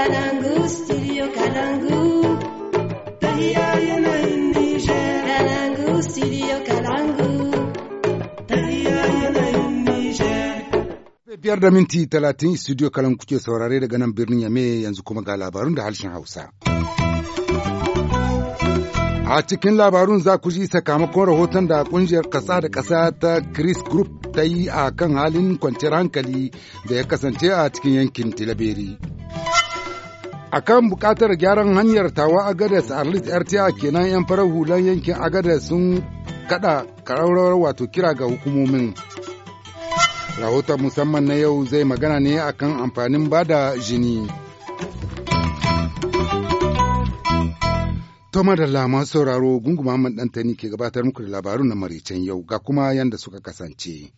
Kalangu, studio Kalangu. yana Kalangu, studio Kalangu. yana Biyar da minti talatin studio Kalangu kuke saurare daga nan birnin Yame yanzu kuma ga labarun da harshen Hausa. A cikin labarun za ku ji sakamakon rahoton da kungiyar kasa da kasa ta Chris Group ta yi a kan halin kwanciyar hankali da ya kasance a cikin yankin Tilaberi. A kan bukatar gyaran hanyar tawa agadas arlit rta kenan 'yan farar hulan yankin agadas sun kada kararrawar wato kira ga hukumomin rahoton musamman na yau zai magana ne akan amfanin bada jini Toma da lama sauraro gungu Muhammad Dantani ke gabatar muku da labarun na maricen yau ga kuma yadda suka kasance.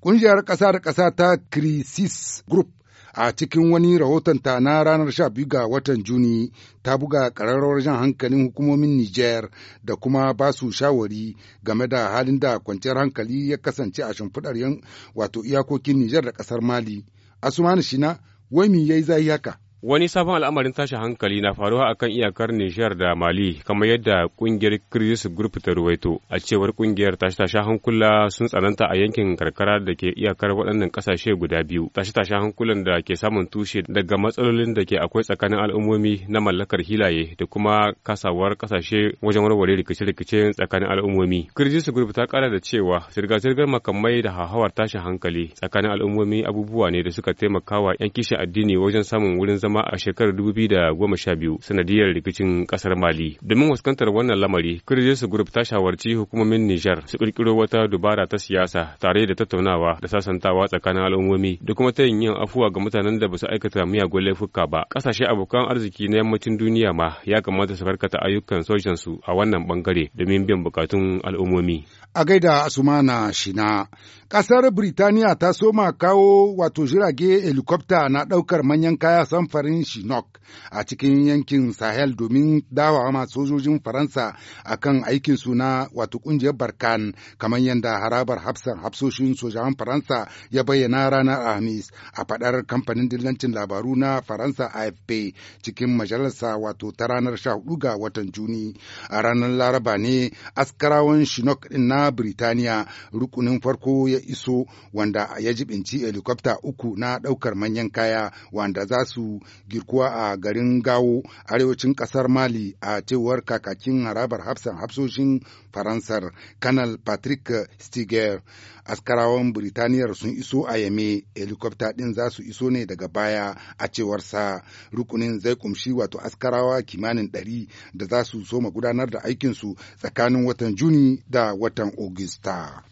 Ƙungiyar ƙasa da ƙasa ta Crisis Group a cikin wani rahoton ta na ranar 12 ga watan Juni ta buga ƙararrawar jan hankalin hukumomin Nijar da kuma ba su shawari game da halin da kwanciyar hankali ya kasance a shimfiɗar wato iyakokin Nijar da ƙasar Mali. Asumani Shina, wai me yi zai haka? Wani sabon al'amarin tashin hankali na faruwa a kan iyakar Nijar da Mali kamar yadda ƙungiyar Kiris Group ta ruwaito a cewar kungiyar tashi tashen hankula sun tsananta a yankin karkara da ke iyakar waɗannan ƙasashe guda biyu. tashi tashi hankulan da ke samun tushe daga matsalolin da ke akwai tsakanin al'ummomi na mallakar hilaye da kuma kasawar ƙasashe wajen warware rikice-rikice tsakanin al'ummomi. Kiris Group ta ƙara da cewa zirga-zirgar makamai da hahawar tashin hankali tsakanin al'ummomi abubuwa ne da suka taimakawa 'yan kishin addini wajen samun wurin zama girma a shekarar dubu 2012 sanadiyar rikicin kasar Mali. Domin waskantar wannan lamari, kirjesu Group ta shawarci hukumomin Nijar su kirkiro wata dubara ta siyasa tare da tattaunawa da sasantawa tsakanin al'ummomi da kuma ta yin afuwa ga mutanen da ba su aikata miyagun laifuka ba. Kasashe abokan arziki na yammacin duniya ma ya kamata su karkata ayyukan sojansu a wannan bangare domin biyan bukatun al'ummomi. a gaida Asumana Shina. Ƙasar Birtaniya ta soma kawo wato jirage helikwafta na ɗaukar manyan kaya samfarin shinok a cikin yankin Sahel domin dawa ma sojojin Faransa a kan aikinsu na wato ƙungiyar Barkan kamar yadda harabar hafsan hafsoshin sojan Faransa ya bayyana ranar Alhamis a faɗar kamfanin dillancin labaru na Faransa AFP cikin Majalisa wato ta ranar sha 14 ga watan Juni. A ranar Laraba ne askarawan Chinook ɗin na Birtaniya rukunin farko ya iso wanda ya jibinci helikwafta uku na ɗaukar manyan kaya wanda za su girkuwa a garin Gawo arewacin ƙasar Mali a cewar kakakin harabar hafsan hafsoshin Faransar Kanal Patrick Stiger. askarawan Biritaniyar sun iso a Yame, helikwafta ɗin za su iso ne daga baya a cewar sa rukunin zai kumshi wato askarawa kimanin ɗari da za su soma gudanar da aikinsu tsakanin watan Juni da watan Ogista.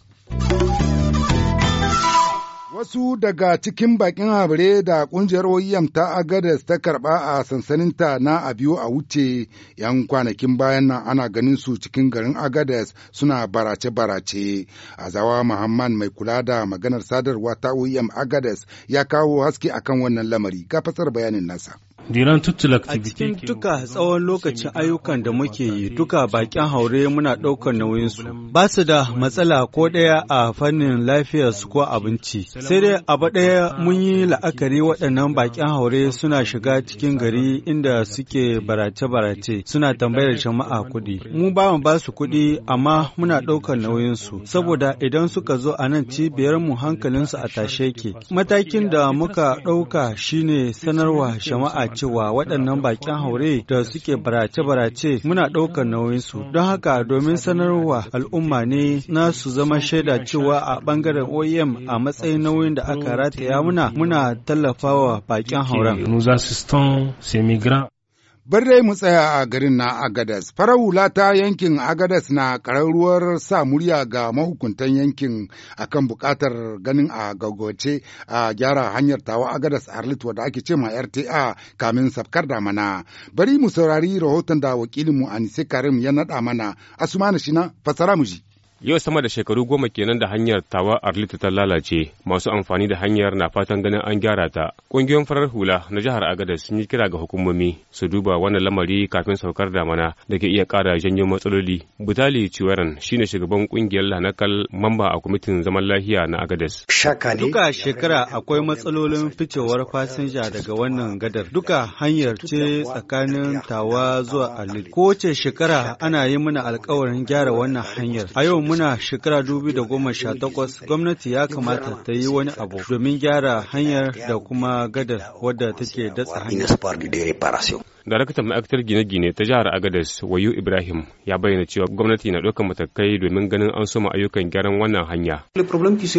Wasu daga cikin bakin habire da kungiyar OEM ta Agadez ta karba a sansaninta na biyu a wuce yan kwanakin bayan nan ana ganin su cikin garin Agadez suna barace-barace. Azawa Muhammad mai kula da maganar sadarwa ta OEM Agadez ya kawo haske akan wannan lamari ga fasar bayanin nasa. A cikin duka tsawon lokacin ayyukan da muke yi duka bakin haure muna ɗaukar nauyinsu. Ba su da matsala ko ɗaya a fannin lafiyarsu ko abinci. Sai dai abu ɗaya mun yi la'akari waɗannan bakin haure suna shiga cikin gari inda suke barace-barace suna tambayar jama'a kuɗi. Mu ba mu ba su kuɗi amma muna ɗaukar nauyinsu. Saboda idan suka zo a nan cibiyar mu hankalinsu a tashe ke. Matakin da muka ɗauka shine sanarwa jama'a cewa waɗannan bakin haure da suke barace-barace muna ɗaukar nauyinsu. Don haka domin sanarwa al'umma ne na su zama shaida cewa a ɓangaren OEM a matsayin nauyin da aka rataya muna muna tallafawa baƙin hauren. Bar dai mu tsaya a garin na Agadas, farar hula ta yankin Agadas na ƙararruwar sa murya ga mahukuntan yankin akan buƙatar ganin a gagoce a gyara hanyar tawa Agadas arlitwa da ake ce ma RTA kamin safkar da mana. Bari mu saurari rahoton da wakilinmu Anise Karim ya naɗa mana, Asumani Shina, fasara mu ji. Yau sama da shekaru goma kenan da hanyar tawa Arlita ta lalace, masu amfani da hanyar na fatan ganin an gyara ta. Ƙungiyoyin farar hula na jihar Agada sun yi kira ga hukumomi su duba wannan lamari kafin saukar damana da ke iya ƙara janyo matsaloli. Butali Ciwaran shine shugaban ƙungiyar Lanakal mamba a kwamitin zaman lafiya na Agadas. Duka shekara akwai matsalolin ficewar fasinja daga wannan gadar. Duka hanyar ce tsakanin tawa zuwa Arlita. Kowace shekara ana yi mana alkawarin gyara wannan hanyar. A yau muna shekara da goma sha takwas, gwamnati ya kamata ta yi wani abu domin gyara hanyar da kuma gadar wadda take datsa hanyar. Daraktan ma'aikatar gine-gine ta jihar Agadez Wayu Ibrahim ya bayyana cewa gwamnati na ɗaukar matakai domin ganin an soma ayyukan gyaran wannan hanya.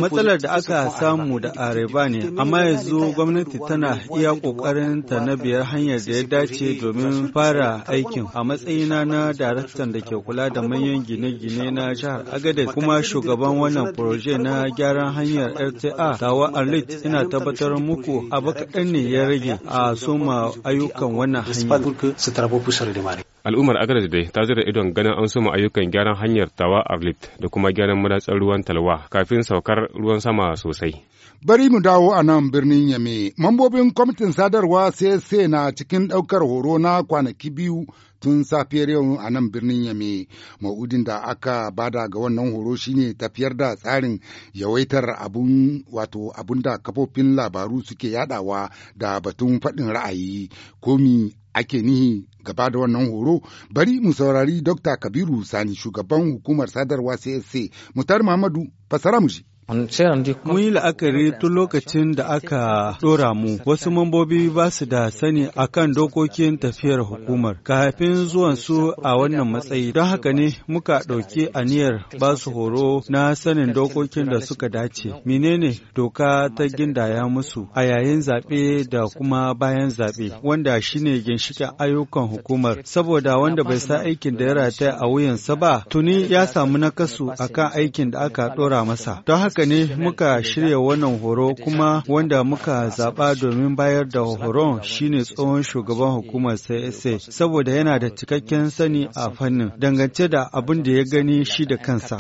Matsalar da aka samu da Areba ne, amma yanzu gwamnati tana iya ƙoƙarin ta na biyar hanyar da ya dace domin fara aikin. A matsayina na daraktan da ke kula da manyan gine-gine na jihar Agadez kuma shugaban wannan proje na gyaran hanyar RTA tawa alit ina tabbatar muku abu kaɗan ne ya rage a soma ayyukan wannan hanya. da Al'ummar Agadez dai ta zira idon ganin an soma ayyukan gyaran hanyar Tawa Arlit da kuma gyaran madatsar ruwan Talwa kafin saukar ruwan sama sosai. Bari mu dawo a nan birnin Yame, mambobin kwamitin sadarwa sai na cikin ɗaukar horo na kwanaki biyu tun safiyar yau a nan birnin Yame. Ma'udin da aka bada ga wannan horo shine tafiyar da tsarin yawaitar abun wato abun da kafofin labaru suke yadawa da batun faɗin ra'ayi komi ake nihi gaba da wannan horo bari mu saurari Dr. Kabiru Sani shugaban hukumar sadarwa CSC Mutar Muhammadu fasara mu Mun yi la'akari tun lokacin da aka ɗora mu, wasu mambobi ba su da sani akan dokokin tafiyar hukumar, kafin zuwan su a wannan matsayi. Don haka ne muka ɗauki aniyar ba su horo na sanin dokokin da suka dace. Menene doka ta gindaya musu a yayin zaɓe da kuma bayan zaɓe, wanda shine ginshiƙin ayyukan hukumar. Saboda wanda bai sa aikin da ya rataya a wuyansa ba, tuni ya samu nakasu akan aikin da aka ɗora masa. Don haka haka ne muka shirya wannan horo kuma wanda muka zaɓa domin bayar da horon shine tsohon shugaban hukumar CSA saboda yana da cikakken sani a fannin dangance da abin da ya gani shi da kansa.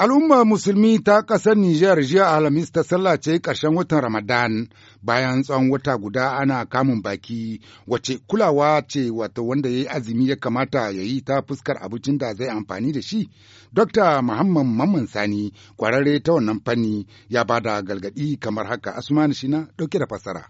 Al'ummar musulmi ta ƙasar Nijar jiya Alhamis ta sallace ƙarshen watan Ramadan bayan tsawon wata guda ana kamun baki wace kulawa ce wata wanda ya yi azumi ya kamata ya yi ta fuskar abincin da zai amfani da shi. Dr. Muhammad Mamman Sani kwararre ta wannan fanni ya bada galgadi kamar haka shi Shina ɗauke da fassara.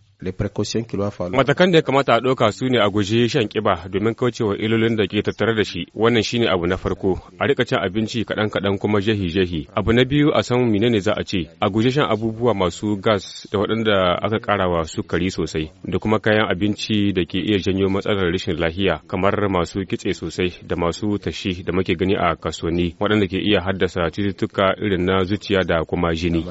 Matakan da ya kamata a ɗauka su ne a guji shan kiba domin kaucewa ilolin da ke tattare da shi. Wannan shine abu na farko. A rika cin abinci kaɗan kaɗan kuma jahi-jahi Abu na biyu a san menene za a ce. A guji shan abubuwa masu gas da waɗanda aka ƙarawa sukari sosai da kuma kayan abinci da ke iya janyo matsalar rashin lafiya kamar masu kitse sosai da masu tashi da muke gani a kasuwanni waɗanda ke iya haddasa cututtuka irin na zuciya da kuma jini.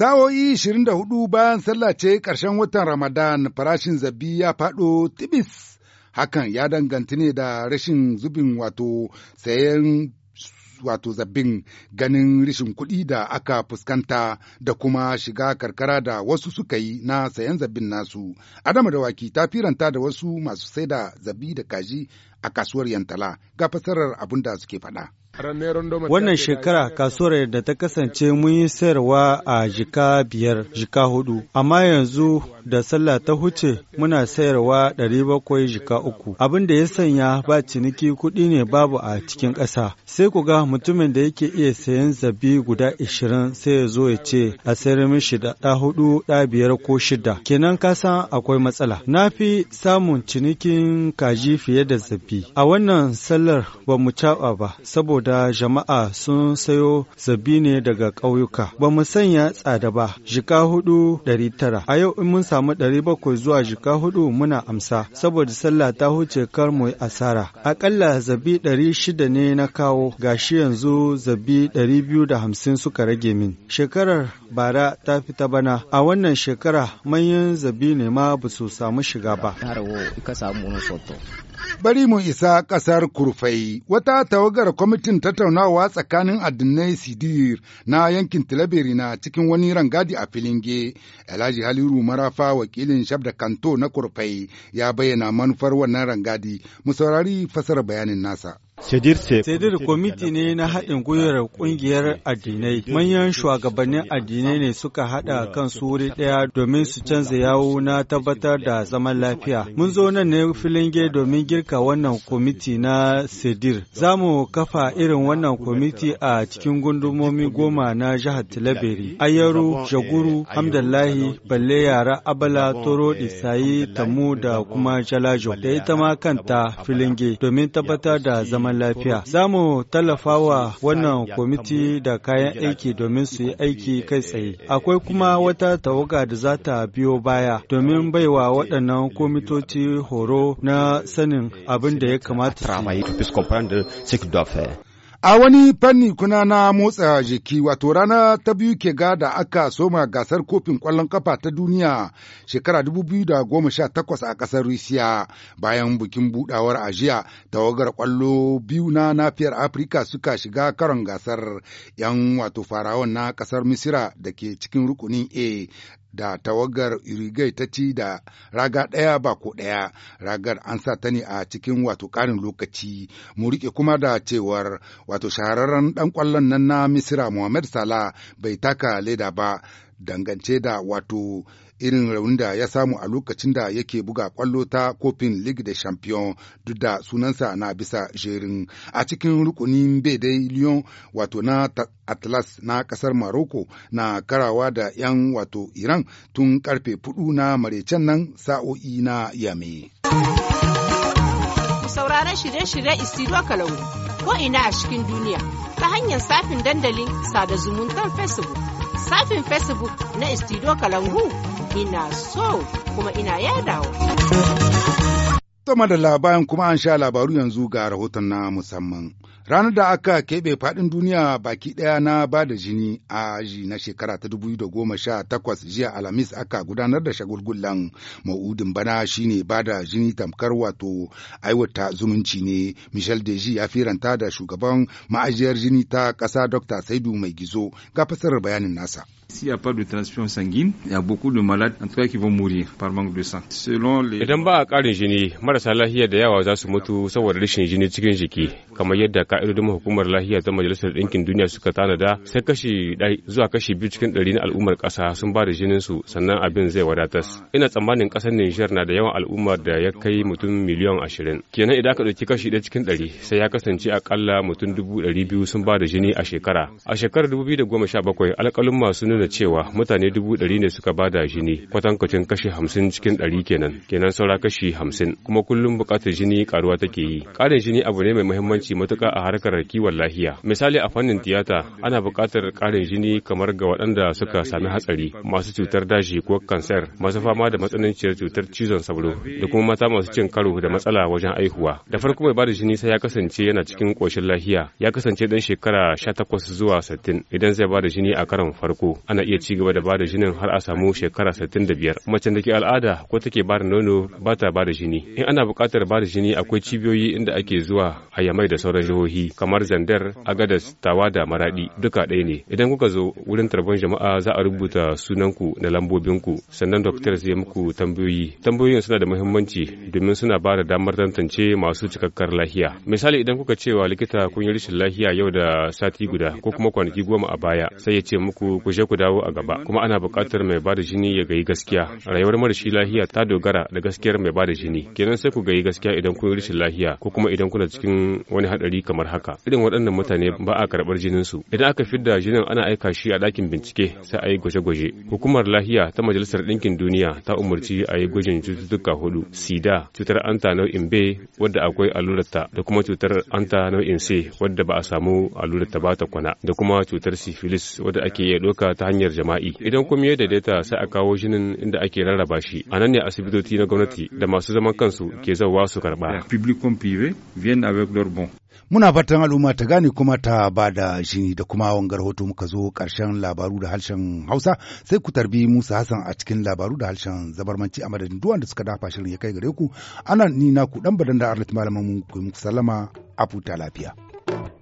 Sa'o'i 24 bayan sallah ce ƙarshen watan Ramadan farashin zabi ya faɗo tibis, hakan ya danganta ne da rashin zubin wato sayan wato zabbin ganin rashin kuɗi da aka fuskanta da kuma shiga karkara da wasu suka yi na sayan zabbin nasu. Adama Dawaki ta firanta da wasu masu saida da zabbi da kaji a kasuwar Yantala ga fasarar abin suke faɗa. Wannan shekara kasuwar da ta kasance mun yi sayarwa a jika biyar, jika hudu, amma yanzu da sallah ta huce muna sayarwa ɗari bakwai jika uku. Abin da ya sanya ba ciniki kuɗi ne babu a cikin ƙasa. Sai ku ga mutumin da yake iya sayan zabi guda ishirin sai ya zo ya ce a sayar mishi da ɗa hudu ɗa biyar ko shida. Kenan ka san akwai matsala. Na fi samun cinikin kaji fiye da zabi. A wannan sallar ba mu caɓa ba saboda da jama'a sun sayo zabi ne daga ƙauyuka. Ba mu sanya tsada ba, jika hudu ɗari tara. A yau in mun samu ɗari bakwai zuwa jika hudu muna amsa, saboda sallah ta huce kar mu yi asara. Aƙalla zabi ɗari shida ne na kawo, gashi yanzu zabi ɗari biyu da hamsin suka rage min. Shekarar bara ta fita bana, a wannan shekara manyan zabi ne ma ba su samu shiga ba. Bari mu isa ƙasar Kurfai, wata tawagar kwamitin kwamitin tattaunawa tsakanin addinai sidir na yankin tilaberi na cikin wani rangadi a filinge alhaji haliru marafa wakilin shabda kanto na kurfai ya bayyana manufar wannan rangadi mu fasara bayanin nasa Sedir kwamiti ne na haɗin gwiwar ƙungiyar addinai. Manyan shugabannin addinai ne suka haɗa kan wuri ɗaya domin su canza yawo na tabbatar da zaman lafiya. Mun zo nan ne filinge domin girka wannan kwamiti na Sedir. Za mu kafa irin wannan kwamiti a cikin gundumomi goma na jihar Tilaberi. Ayaru, Jaguru, Hamdallahi, Balle Yara, Abala, Toro, Isayi, Tamu da kuma Jalajo. Da ita ma kanta filinge domin tabbatar da zaman zaman lafiya. Za mu tallafa wa wannan kwamiti da kayan aiki domin su yi aiki kai tsaye. Akwai kuma wata tawaga da za ta biyo baya domin baiwa waɗannan kwamitoci horo na sanin abin da ya kamata. A wani fanni kuna na motsa jiki wato rana ta biyu ke ga da aka soma gasar kofin ƙwallon kafa ta duniya shekara 2018 a ƙasar Rusiya bayan bikin budawar ajiya tawagar ƙwallo biyu na nafiyar Afirka suka shiga karon gasar 'yan wato farawan na ƙasar Misira da ke cikin rukunin A da tawagar Irigai ta ci da raga ɗaya ba ko ɗaya ragar an sa ta ne a cikin wato ƙarin lokaci mu riƙe kuma da cewar wato shahararren ɗan ƙwallon nan na Misira Muhammadu Salah bai taka leda ba dangance da wato irin raunin da ya samu a lokacin da yake buga kwallo ta kofin League de Champion duk da sunansa na bisa jerin. A cikin rukunin dai Lyon wato na Atlas na kasar Morocco na karawa da 'yan wato Iran tun karfe fudu na marecen nan sa'o'i na yame. Sauraron shirye-shirye Isidro Kalangu ko ina a cikin duniya ta hanyar safin dandalin sada zumuntar Facebook. Safin Facebook na Isidro Kalangu ina so kuma ina yadawa. Sama da labayan kuma an sha labaru yanzu ga rahoton na musamman. Ranar da aka keɓe faɗin duniya baki ɗaya na ba da jini a aji na shekara ta takwas jiya Alhamis aka gudanar da shagulgullan ma'udin bana shine ba da jini tamkar wato aiwata zumunci ne. Michel Deji ya firanta da shugaban ma'ajiyar jini ta ƙasa Dr. Saidu Mai Gizo ga fasarar bayanin nasa. S'il n'y a pas de transfusion sanguine, il y a beaucoup de malades en tout cas qui vont mourir par manque de sang. Selon les Idan ba a karin jini, marasa lafiya da yawa za su mutu saboda rashin jini cikin jiki, kamar yadda ka'idodin hukumar lafiya ta Majalisar Ɗinkin Duniya suka tanada, sai kashi ɗai zuwa kashi biyu cikin ɗari na al'ummar ƙasa sun ba da jinin su sannan abin zai wadata Ina tsammanin ƙasar Nijar na da yawan al'ummar da ya kai mutum miliyan ashirin. Kenan idan aka ɗauki kashi da cikin ɗari, sai ya kasance aƙalla mutum dubu ɗari biyu sun ba da jini a shekara. A shekarar dubu biyu da goma sha bakwai, alƙalin masu nuna da cewa mutane dubu ɗari ne suka ba da jini kwatankwacin kashi hamsin cikin ɗari kenan kenan saura kashi hamsin kuma kullum buƙatar jini ƙaruwa take yi ƙarin jini abu ne mai mahimmanci matuƙa a harkar kiwon lahiya misali a fannin tiyata ana buƙatar ƙarin jini kamar ga waɗanda suka sami hatsari masu cutar daji ko kansar masu fama da matsananciyar cutar cizon sauro da kuma mata masu cin karo da matsala wajen aihuwa da farko mai bada jini sai ya kasance yana cikin ƙoshin lahiya ya kasance dan shekara sha 18 zuwa 60 idan zai ba da jini a karon farko ana iya ci gaba da bada jinin har a samu shekara 65 macen da ke al'ada ko take bada nono ba ta bada jini in ana buƙatar bada jini akwai cibiyoyi inda ake zuwa a yamai da sauran jihohi kamar zandar agadas tawa da maradi duka ɗaya ne idan kuka zo wurin tarban jama'a za a rubuta sunanku da ku sannan doktor zai muku tambayoyi tambayoyin suna da muhimmanci domin suna ba da damar tantance masu cikakkar lahiya misali idan kuka wa likita kun yi rashin lahiya yau da sati guda ko kuma kwanaki goma a baya sai ya ce muku ku je ku dawo a gaba kuma ana buƙatar mai bada jini ya gayi gaskiya rayuwar marashi lahiya ta dogara da gaskiyar mai bada jini kenan sai ku gayi gaskiya idan kun rishin lahiya ko kuma idan kuna cikin wani hadari kamar haka irin waɗannan mutane ba a karɓar jinin su idan aka fidda jinin ana aika shi a ɗakin bincike sai a yi gwaje-gwaje hukumar lahiya ta majalisar ɗinkin duniya ta umarci a yi gwajin cututtuka hudu sida cutar anta nau'in b wadda akwai allurarta da kuma cutar anta nau'in c wadda ba a samu allurarta ba ta kwana da kuma cutar sifilis wadda ake iya ɗauka ta hanyar jama'i idan kuma ya daidaita sai a kawo jinin inda ake rarraba shi a nan ne asibitoci na gwamnati da masu zaman kansu ke zauwa su karba muna fatan al'umma ta gane kuma ta ba da jini da kuma wangar hoto muka zo karshen labaru da harshen hausa sai ku tarbi musa hassan a cikin labaru da harshen zabarmanci a madadin duwan da suka dafa shirin ya kai gare ku ana ni na ku dan badan da arlit malaman mu ku sallama a futa lafiya